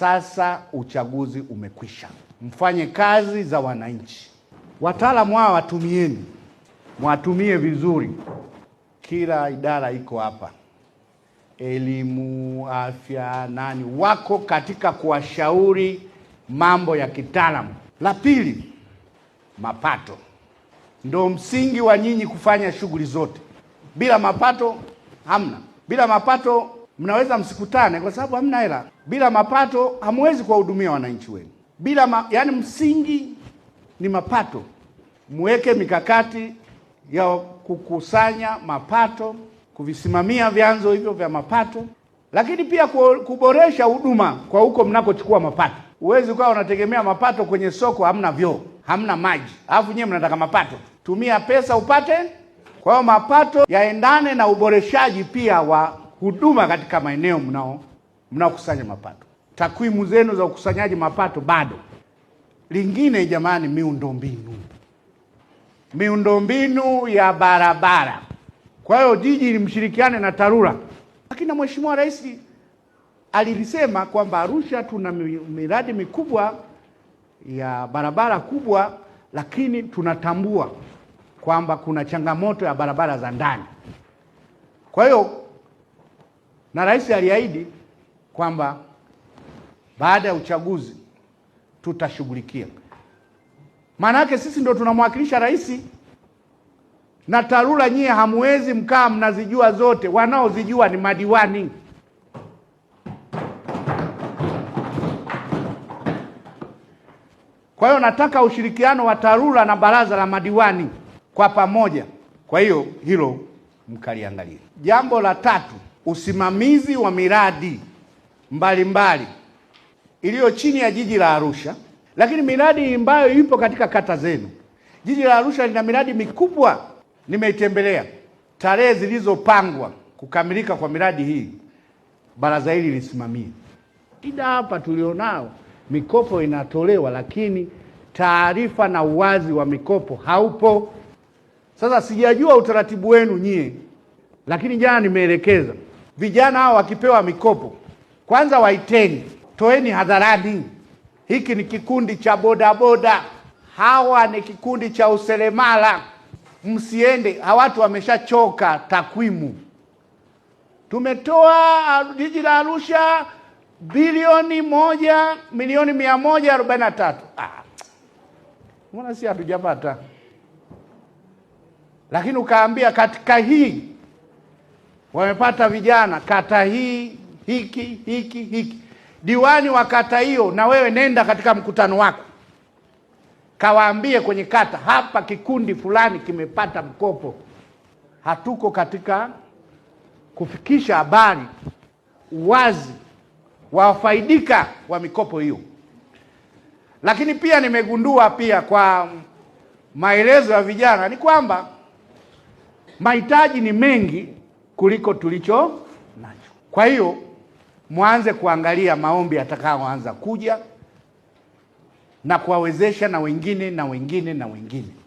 Sasa uchaguzi umekwisha, mfanye kazi za wananchi. Wataalamu hawa watumieni, mwatumie vizuri. Kila idara iko hapa, elimu, afya, nani, wako katika kuwashauri mambo ya kitaalamu. La pili, mapato ndo msingi wa nyinyi kufanya shughuli zote. Bila mapato hamna, bila mapato mnaweza msikutane kwa sababu hamna hela. Bila mapato hamwezi kuwahudumia wananchi wenu. Bila ma, yani msingi ni mapato. Mweke mikakati ya kukusanya mapato, kuvisimamia vyanzo hivyo vya mapato, lakini pia kuboresha huduma kwa huko mnakochukua mapato. Huwezi ukawa unategemea mapato kwenye soko, hamna vyoo, hamna maji, alafu nyewe mnataka mapato. Tumia pesa upate. Kwa hiyo mapato yaendane na uboreshaji pia wa huduma katika maeneo mnao mnaokusanya mapato. Takwimu zenu za ukusanyaji mapato bado. Lingine jamani, miundombinu, miundombinu ya barabara. Kwa hiyo jiji limshirikiane na TARURA, lakini Mheshimiwa Rais alilisema kwamba Arusha tuna miradi mikubwa ya barabara kubwa, lakini tunatambua kwamba kuna changamoto ya barabara za ndani. Kwa hiyo na rais aliahidi kwamba baada ya uchaguzi tutashughulikia. Maana yake sisi ndio tunamwakilisha rais, na TARURA nyie hamwezi mkaa mnazijua zote, wanaozijua ni madiwani. Kwa hiyo nataka ushirikiano wa TARURA na baraza la madiwani kwa pamoja. Kwa hiyo hilo mkaliangalia. Jambo la tatu usimamizi wa miradi mbalimbali iliyo chini ya jiji la Arusha, lakini miradi ambayo ipo katika kata zenu. Jiji la Arusha lina miradi mikubwa, nimeitembelea. Tarehe zilizopangwa kukamilika kwa miradi hii, baraza hili lisimamie. Shida hapa tulionao, mikopo inatolewa, lakini taarifa na uwazi wa mikopo haupo. Sasa sijajua utaratibu wenu nyie, lakini jana nimeelekeza vijana hao wakipewa mikopo, kwanza waiteni, toeni hadharani. Hiki ni kikundi cha bodaboda, hawa ni kikundi cha useremala. Msiende, hawatu wameshachoka takwimu. Tumetoa ah, jiji la Arusha bilioni moja milioni mia moja arobaini na tatu. Ah, mbona si hatujapata? Lakini ukaambia katika hii wamepata vijana kata hii hiki hiki hiki. Diwani wa kata hiyo, na wewe nenda katika mkutano wako, kawaambie kwenye kata, hapa kikundi fulani kimepata mkopo. Hatuko katika kufikisha habari wazi wa wafaidika wa mikopo hiyo. Lakini pia nimegundua pia kwa maelezo ya vijana ni kwamba mahitaji ni mengi kuliko tulicho nacho. Kwa hiyo mwanze kuangalia maombi atakayoanza kuja na kuwawezesha na wengine na wengine na wengine.